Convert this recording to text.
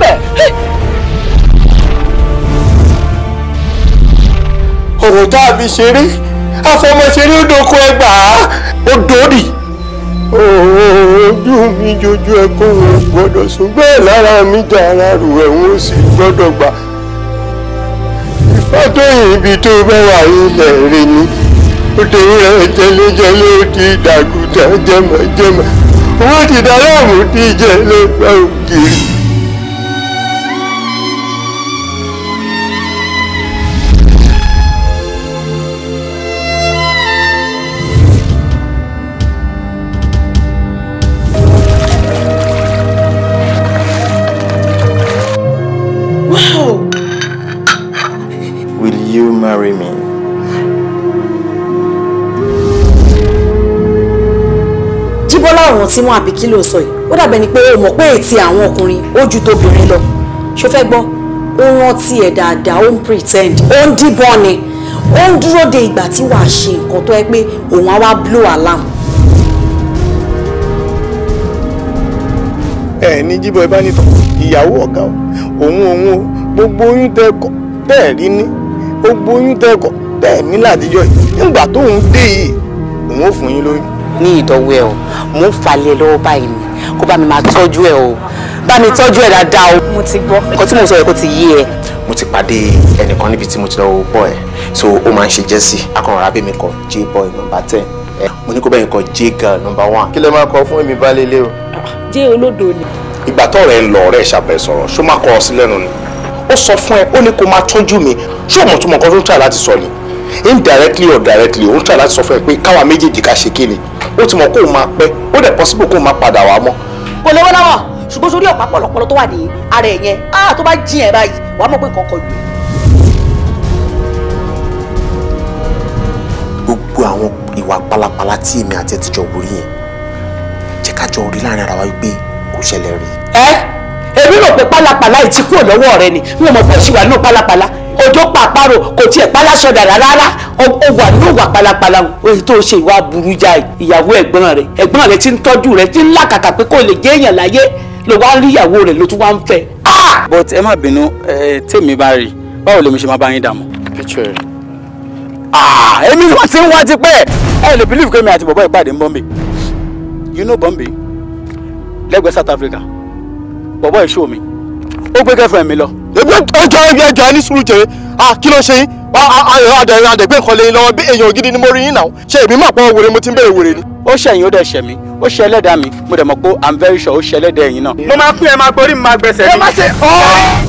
bẹ̀. ọ̀rọ̀ tá a fi ṣeré afọmọṣeré ó doko ẹgbàá ó dòdì ojú mi jojú ẹkún ò gbọ́dọ̀ sùn bẹ́ẹ̀ lára mi dá ara rò ẹ̀wọ̀n ó sì gbọ́dọ̀ gbà ìfá tó yìn ibi tó bẹ wà ilẹ̀ rẹ ni ó torí rẹ jẹlẹjẹlẹ ó ti dàgùdà jẹmọjẹmọ owó ti dá láàmú tí jẹ ló gbà ògiri. you marry me? Jibola, ọ̀ràn tí wọ́n àbí kí ló sọ yìí, ó dàbẹ̀ ni pé o mọ̀ pé ètí àwọn ọkùnrin ó ju tóbìnrin lọ. Ṣo fẹ́ gbọ́? Ó rántí ẹ̀ dáadáa, ó ń pretend, ó ń díbọ́n ni, ó ń dúró de ìgbà tí wàá ṣe nǹkan tó ẹ pé òun á wá blow alarm. ẹ ní jíbọ ẹ bá nìtàn ìyàwó ọ̀gá òun òun gbogbo oyún tẹ ẹ rí ní gbogbo oyún tẹ́kọ̀ tẹ̀mí látijọ́ yìí nígbà tóun dé yìí òun ò fún yín lóyún. ní ìdánwò ẹ o mò ń falẹ̀ lọ́wọ́ báyìí mi kó bá mi máa tọ́jú ẹ o bá mi tọ́jú ẹ dáadáa o. mo ti gbọ́. nǹkan tí mo sọ yẹ kó ti yé ẹ. mo ti pàdé ẹnìkan níbi tí mo ti lọ́wọ́ bọ́ ẹ̀ so ó máa ń ṣe jẹ́sì akọ̀rọ̀ abẹ́mi kan J-boy number ten mo ní kó bẹ́ẹ̀ kọ j girl number one. kí lè máa kọ fún èmi ilé o. jẹ́ olódo ni. ìgbà tó rẹ̀ ń lọ ọ̀rẹ́ ìṣàbẹ̀ ṣó máa kọ ọ sí lẹ́nu ni ó sọ fún ẹ ó ní kó máa tọ́jú mi ṣé ọmọ tó mọ nǹkan tó ń tà láti sọ ni indirectly or directly ó ń tà láti sọ fún ẹ pé káwa méjèèjì ká ṣe kíni ó ti mọ kó o máa pẹ́ ó dẹ̀ possible kó o máa padà wá mọ́. kò lówó lọ́wọ́ ṣùgbọ́n sórí ọ̀pá pọ̀lọpọ̀lọ tó wà ní ara ẹ̀ yẹn á ah, tó bá jí ẹ̀ báyìí wàá mọ̀ pé nǹkan kọ lù. gbogbo àwọn ìwà pálapàla tí èmi àti ẹ ti jọ wò rí yẹn jẹ́ ká jọ rí láàrin ara wa wípé kò ṣẹlẹ̀ rí. ẹ́ èmi rò pé pálapàla yìí ti kúrò lọ́wọ́ rẹ ni wọn mọ̀ fún ìṣìwà náà pálapàla ọjọ́ pàparò kò tiẹ̀ pálásọ̀dà rárá ó wà ní òwà pálapàla èyí tó ṣe ìwà burú já ìyàwó ẹ̀gbọ́n rẹ ẹ̀gbọ́n rẹ ti ń tọ́jú rẹ ti ń làkàkà pé kò lè jẹ́ èèyàn láyé ló wá rí ìyàwó rẹ ló tún wá ń fẹ́. but ẹ má bínú tèmi bá rí báwo lèmi ṣe máa bá yín dààmú. èmi ni wọ́n ti ń wá tipẹ́ ẹ lè believe pé mi àti bọ̀bọ́ ìpàdé ń bọ́m̀bì you know bọ́m̀bì lẹ́gbẹ̀ẹ́ South Africa bọ̀bọ̀ ìṣó mi ó gbé girlfriend mi lọ. ọjọ́ ẹgbẹ́ ẹjọ́ ẹni sùúrù jèrè ah, kí ló ṣe yín ah, ah, adẹ̀rẹ̀ adẹ̀gbẹ́ nǹkan lẹ́yìn lọ́wọ́ bí èèyàn gidi ni mo rí yín náà ṣe èmi máa pọ́n wèrè mo ti ń bẹ̀rẹ̀ wèrè ni. ó ṣẹ̀yìn ó dẹ̀ ṣẹ̀ mí ó ṣe ẹlẹ́dàá mi mo dẹ̀ mọ̀ pé i'm very sure ó ṣe ẹlẹ́dàá ẹ̀yìn náà. mo máa pín ẹ máa gborí mi máa gbẹ̀sẹ̀ mi. ẹ má ṣe ọ́ọ́.